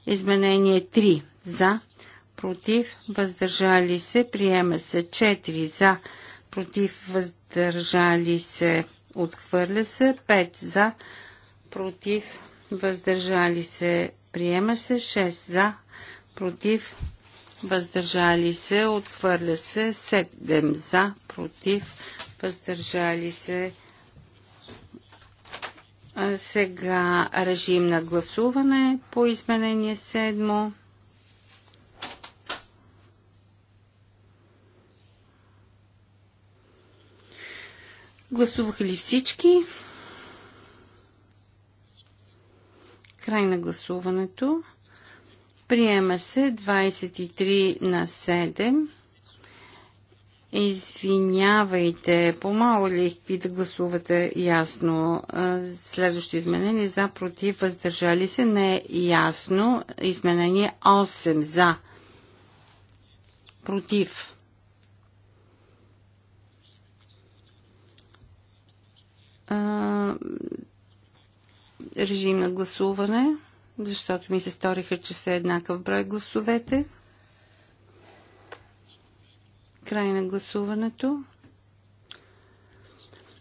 Изменение 3 за, против, въздържали се, приема се 4 за, против, въздържали се, отхвърля се 5 за, против, въздържали се, приема се 6 за, против, въздържали се, отхвърля се, 7 за, против, въздържали се. Сега режим на гласуване по изменение 7. Гласуваха ли всички? Край на гласуването. Приема се 23 на 7. Извинявайте, ли, ви да гласувате ясно. Следващо изменение за, против, въздържали се, не е ясно. Изменение 8 за, против. Режим на гласуване защото ми се сториха, че са еднакъв брой гласовете. Край на гласуването.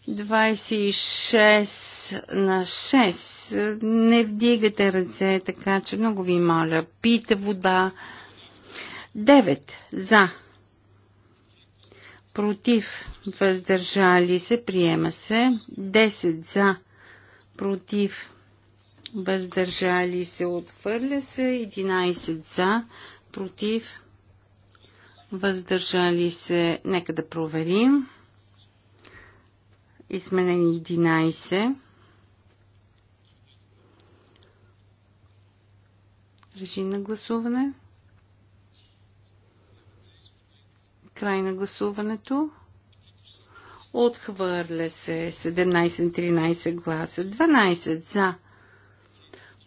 26 на 6. Не вдигате ръце, така че много ви моля. Пийте вода. 9 за. Против. Въздържали се. Приема се. 10 за. Против въздържали се, отхвърля се, 11 за, против, въздържали се, нека да проверим, изменени 11, режим на гласуване, край на гласуването, отхвърля се 17-13 гласа, 12 за,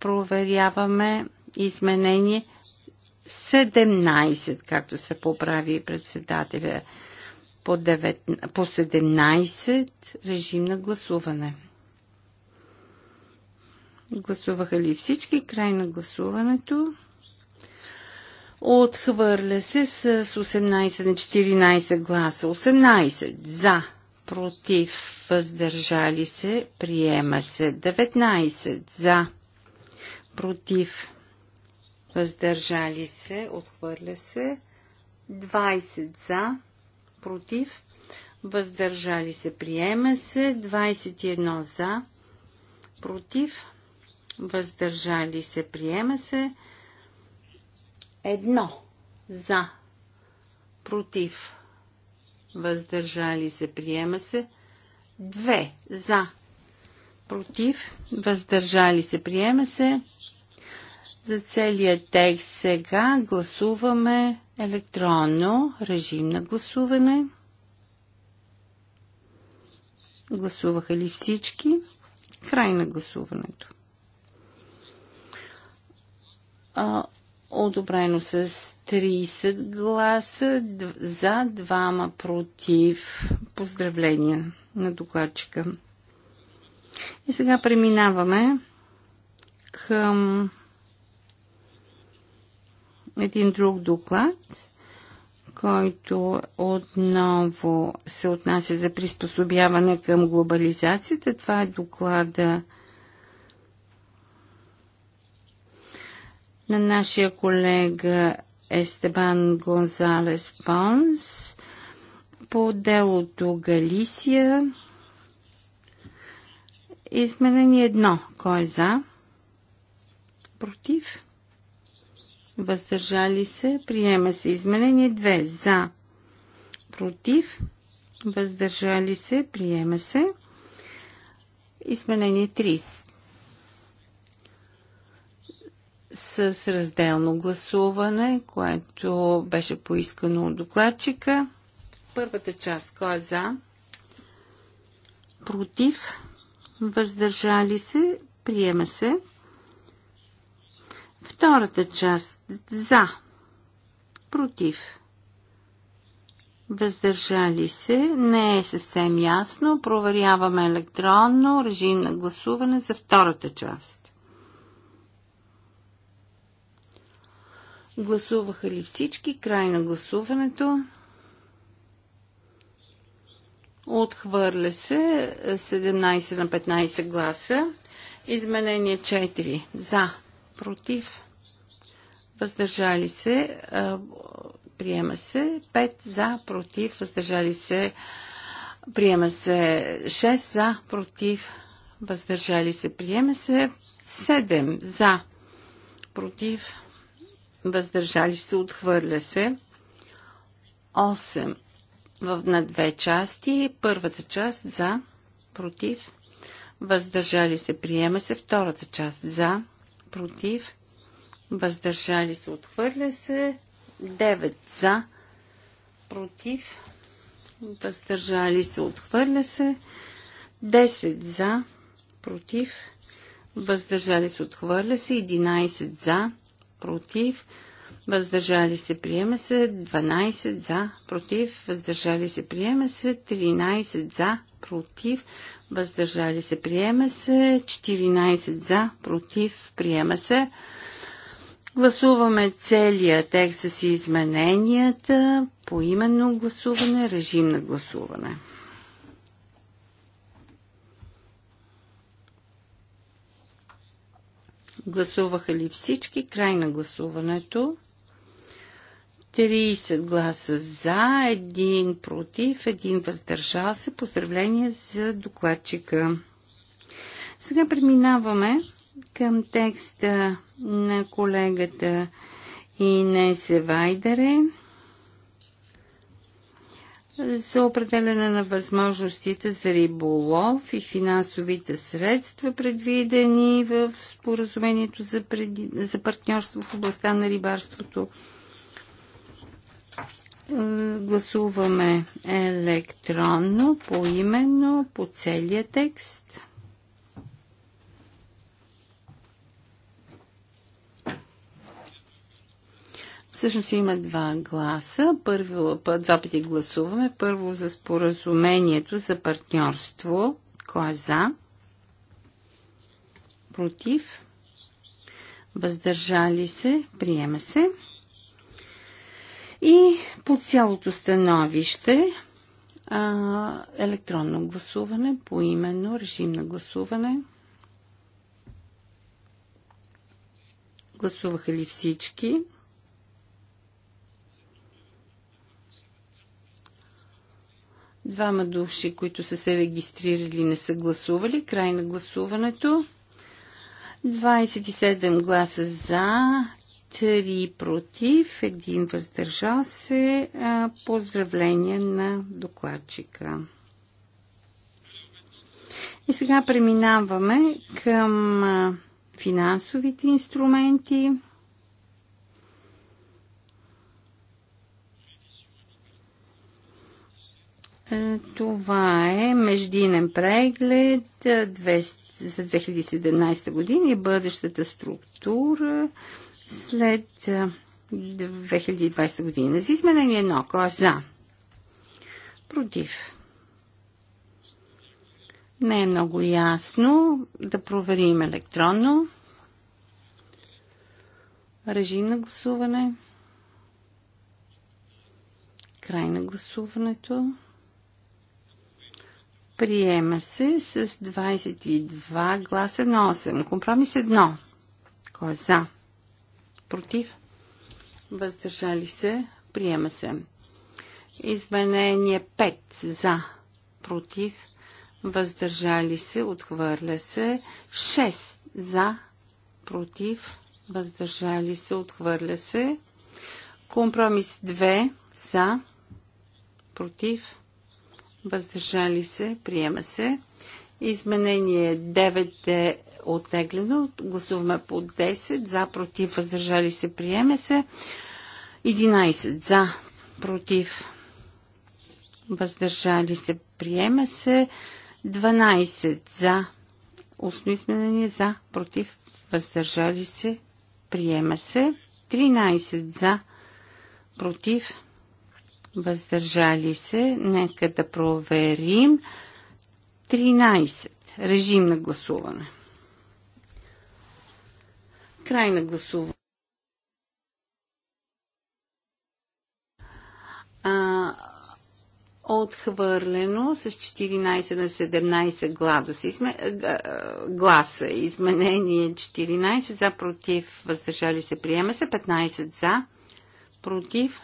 проверяваме изменение 17, както се поправи председателя по, 9, по 17 режим на гласуване. Гласуваха ли всички? Край на гласуването. Отхвърля се с 18 на 14 гласа. 18 за против, въздържали се, приема се. 19 за, против, въздържали се, отхвърля се. 20 за, против, въздържали се, приема се. 21 за, против, въздържали се, приема се. Едно за, против, въздържали се, приема се. Две за, против, въздържали се, приема се. За целият текст сега гласуваме електронно режим на гласуване. Гласуваха ли всички? Край на гласуването одобрено с 30 гласа за, двама против. Поздравления на докладчика. И сега преминаваме към един друг доклад, който отново се отнася за приспособяване към глобализацията. Това е доклада на нашия колега Естебан Гонзалес Понс по делото Галисия. Изменени едно. Кой е за? Против? Въздържали се. Приема се. Изменени две. За. Против. Въздържали се. Приема се. Изменени три. с разделно гласуване, което беше поискано от докладчика. Първата част, кой е за? Против? Въздържали се? Приема се. Втората част, за? Против? Въздържали се? Не е съвсем ясно. Проверяваме електронно режим на гласуване за втората част. Гласуваха ли всички? Край на гласуването. Отхвърля се 17 на 15 гласа. Изменение 4. За. Против. Въздържали се. Приема се. 5 за. Против. Въздържали се. Приема се. 6 за. Против. Въздържали се. Приема се. 7 за. Против въздържали се, отхвърля се. 8 на две части. Първата част за, против, въздържали се, приема се. Втората част за, против, въздържали се, отхвърля се. 9 за, против, въздържали се, отхвърля се. 10 за, против, въздържали се, отхвърля се. 11 за, против, въздържали се, приема се 12 за, против, въздържали се, приема се 13 за, против, въздържали се, приема се 14 за, против, приема се. Гласуваме целия текст с измененията по именно гласуване, режим на гласуване. Гласуваха ли всички? Край на гласуването. 30 гласа за, един против, един въздържал се. Поздравление за докладчика. Сега преминаваме към текста на колегата Инесе Вайдере за определене на възможностите за риболов и финансовите средства, предвидени в споразумението за, преди... за партньорство в областта на рибарството. Е, гласуваме електронно, поименно, по целия текст. Всъщност има два гласа. Първо, два пъти гласуваме. Първо за споразумението за партньорство. Кой е за? Против? Въздържали се? Приема се. И по цялото становище а, електронно гласуване, по именно режим на гласуване. Гласуваха ли всички? Двама души, които са се регистрирали, не са гласували. Край на гласуването. 27 гласа за, 3 против, 1 въздържал се. поздравления на докладчика. И сега преминаваме към финансовите инструменти. Е, това е междинен преглед е, за 2017 година и бъдещата структура след 2020 е, година. За изменение едно, кой е за? Против. Не е много ясно. Да проверим електронно. Режим на гласуване. Край на гласуването. Приема се с 22 гласа на 8. Компромис 1. Кой е за? Против? Въздържали се? Приема се. Изменение 5 за. Против? Въздържали се? Отхвърля се. 6 за. Против? Въздържали се? Отхвърля се. Компромис 2 за. Против? въздържали се, приема се. Изменение 9 е оттеглено. Гласуваме по 10. За, против, въздържали се, приеме се. 11. За, против, въздържали се, приема се. 12. За, устно изменение, за, против, въздържали се, приема се. 13. За, против, въздържали се. Нека да проверим. 13. Режим на гласуване. Край на гласуване. А, отхвърлено с 14 на 17 гласа, Изме... гласа. Изменение 14 за, против, въздържали се, приема се, 15 за, против,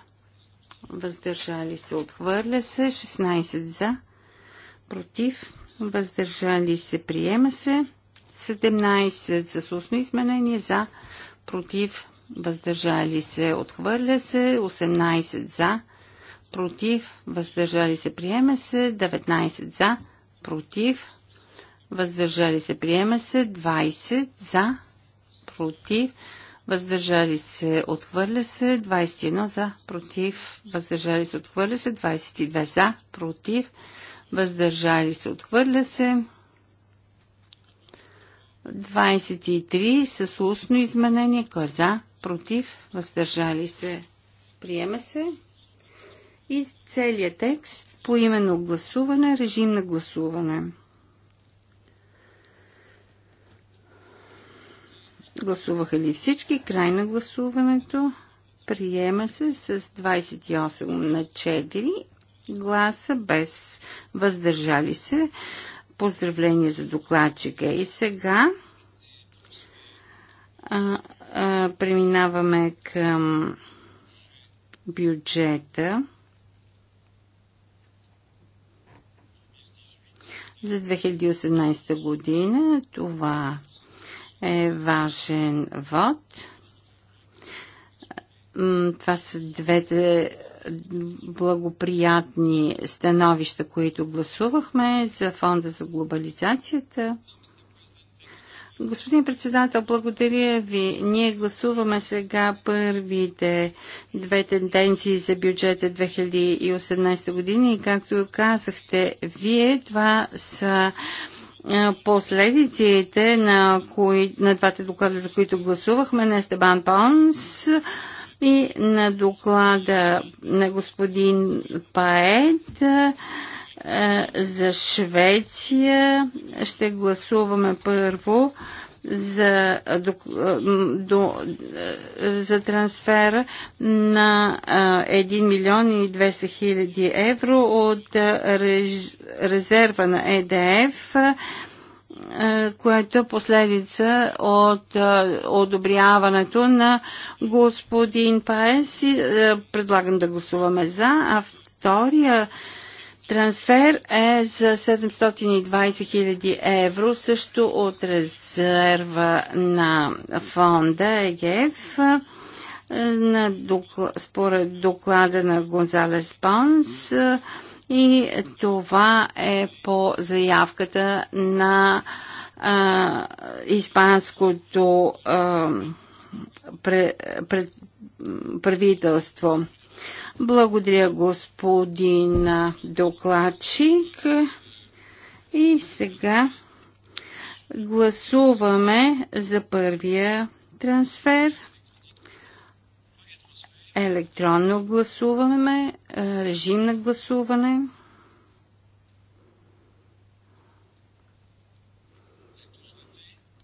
въздържали се, отхвърля се, 16 за, против, въздържали се, приема се, 17 за сусно изменение за, против, въздържали се, отхвърля се, 18 за, против, въздържали се, приема се, 19 за, против, въздържали се, приема се, 20 за, против, въздържали се, отхвърля се, 21 за, против, въздържали се, отхвърля се, 22 за, против, въздържали се, отхвърля се, 23 с устно изменение, кой е за, против, въздържали се, приема се и целият текст по именно гласуване, режим на гласуване. Гласуваха ли всички? Край на гласуването. Приема се с 28 на 4 гласа без въздържали се. Поздравление за докладчика. И сега а, а, преминаваме към бюджета за 2018 година. Това е важен вод. Това са двете благоприятни становища, които гласувахме за Фонда за глобализацията. Господин председател, благодаря ви. Ние гласуваме сега първите две тенденции за бюджета 2018 година и както казахте вие, това са последиците на, кои, на двата доклада, за които гласувахме, на Естебан Паунс и на доклада на господин Паед за Швеция. Ще гласуваме първо за, до, до, за трансфер на 1 милион и 200 хиляди евро от реж, резерва на ЕДФ което е последица от одобряването на господин Паес. и Предлагам да гласуваме за. А втория трансфер е за 720 000 евро, също от резерва резерва на фонда ЕГЕФ е, на докла... според доклада на Гонзалес Понс е, и това е по заявката на а, е, испанското а, пред, пред, правителство. Благодаря господин докладчик. И сега Гласуваме за първия трансфер. Електронно гласуваме, режим на гласуване.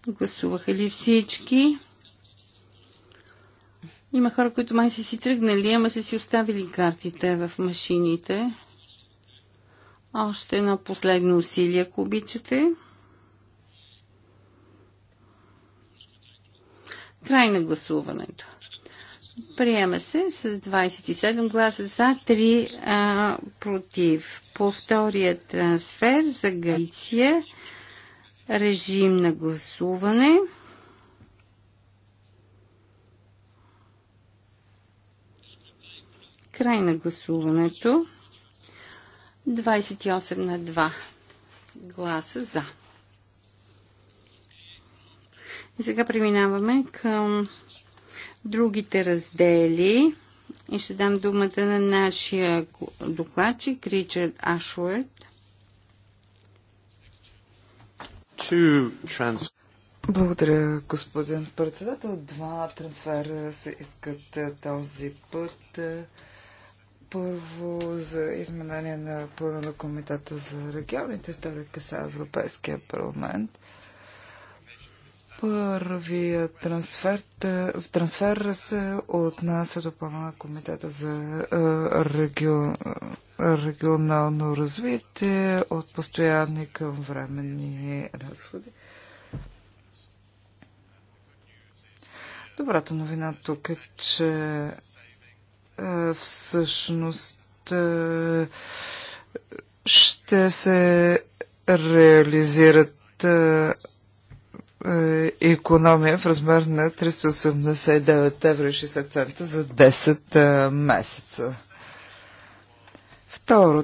Гласуваха ли всички? Има хора, които май са си тръгнали, ама са си оставили картите в машините. Още едно последно усилие, ако обичате. Край на гласуването. Приема се с 27 гласа за 3 а, против. По втория трансфер за Галиция режим на гласуване. Край на гласуването. 28 на 2 гласа за. И сега преминаваме към другите раздели. И ще дам думата на нашия докладчик Ричард Ашвард. Благодаря, господин председател. Два трансфера се искат е, този път. Е, първо за изменение на плана на Комитета за регионите, втори каса Европейския парламент. Първият трансфер, трансфер се отнася до плана на Комитета за регионално развитие от постоянни към временни разходи. Добрата новина тук е, че всъщност ще се реализират е, економия в размер на 389 евро и 60 цента за 10 е, месеца. Второ,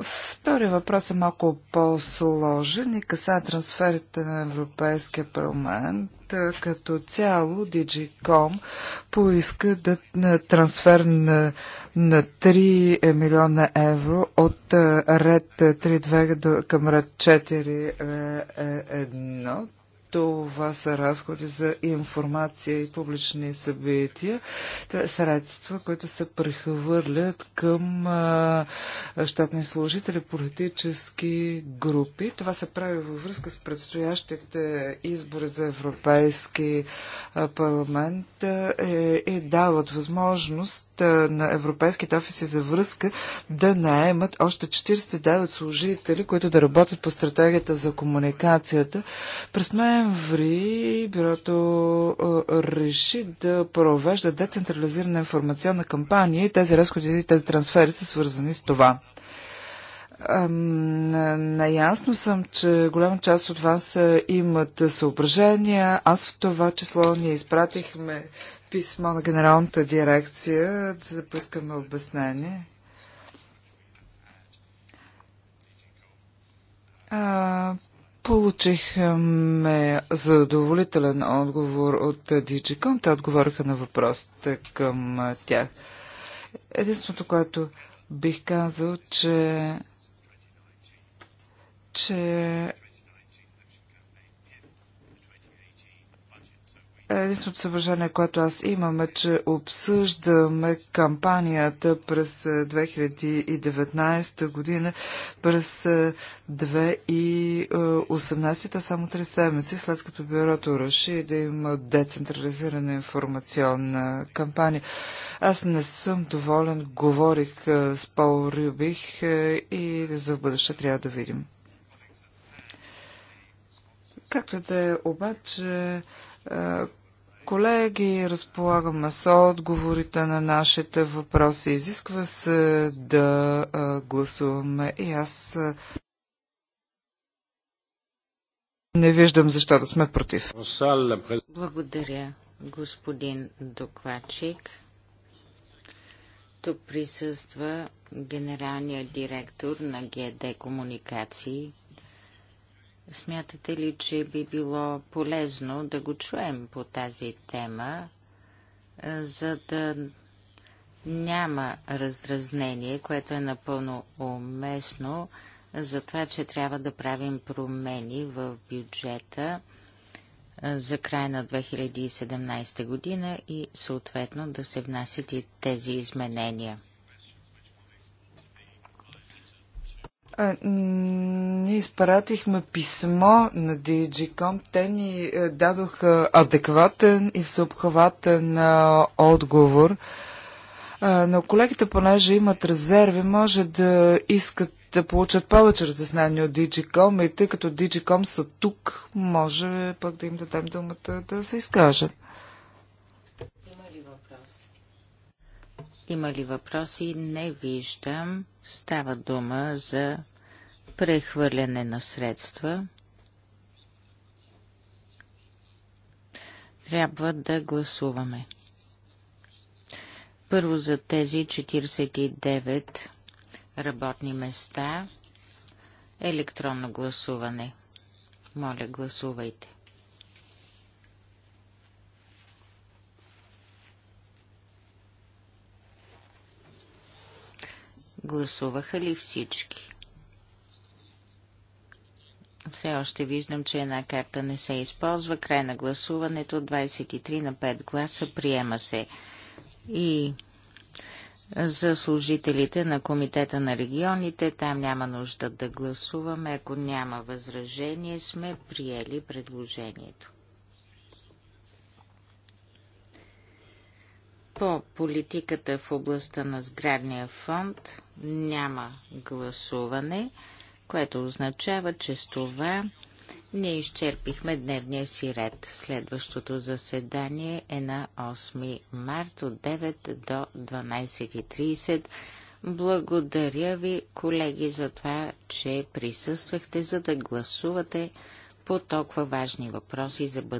Втория въпрос е малко по-сложен и каса трансферите на Европейския парламент. Като цяло DigiCom поиска да, на трансфер на, на 3 милиона евро от ред 3.2 към ред 4.1 това са разходи за информация и публични събития. Това са е средства, които се прехвърлят към а, щатни служители, политически групи. Това се прави във връзка с предстоящите избори за Европейски парламент е, и дават възможност е, на европейските офиси за връзка да наемат още 49 служители, които да работят по стратегията за комуникацията. През ноември бюрото е, реши да провежда децентрализирана информационна кампания и тези разходи и тези трансфери са свързани с това. Наясно съм, че голяма част от вас е, имат съображения. Аз в това число ние изпратихме писмо на генералната дирекция, да запускаме обяснение. А, получихме задоволителен отговор от Digicom. Те отговориха на въпросите към тях. Единственото, което бих казал, че че Единственото съображение, което аз имам е, че обсъждаме кампанията през 2019 е, година, през 2018, е, то само 3 седмици, след като бюрото реши да има децентрализирана информационна кампания. Аз не съм доволен, говорих е, с Пол Рюбих и за бъдеще трябва да видим. Както да е, обаче Колеги, разполагаме с отговорите на нашите въпроси. Изисква се да гласуваме и аз не виждам защо да сме против. Благодаря, господин докладчик. Тук присъства генералният директор на ГД Комуникации Смятате ли, че би било полезно да го чуем по тази тема, за да няма раздразнение, което е напълно уместно за това, че трябва да правим промени в бюджета за края на 2017 година и съответно да се внасят и тези изменения. Ние изпратихме писмо на DGCOM. Те ни е, дадоха адекватен и всеобхватен отговор. Но колегите, понеже имат резерви, може да искат да получат повече разяснения от DGCOM и тъй като DGCOM са тук, може пък да им дадем думата да се изкажат. Има ли въпроси? Не виждам. Става дума за прехвърляне на средства. Трябва да гласуваме. Първо за тези 49 работни места електронно гласуване. Моля, гласувайте. Гласуваха ли всички? Все още виждам, че една карта не се използва. Край на гласуването 23 на 5 гласа приема се. И за служителите на Комитета на регионите, там няма нужда да гласуваме. Ако няма възражение, сме приели предложението. По политиката в областта на сградния фонд няма гласуване, което означава, че с това ние изчерпихме дневния си ред. Следващото заседание е на 8 март от 9 до 12.30. Благодаря ви, колеги, за това, че присъствахте, за да гласувате по толкова важни въпроси за бъдещето.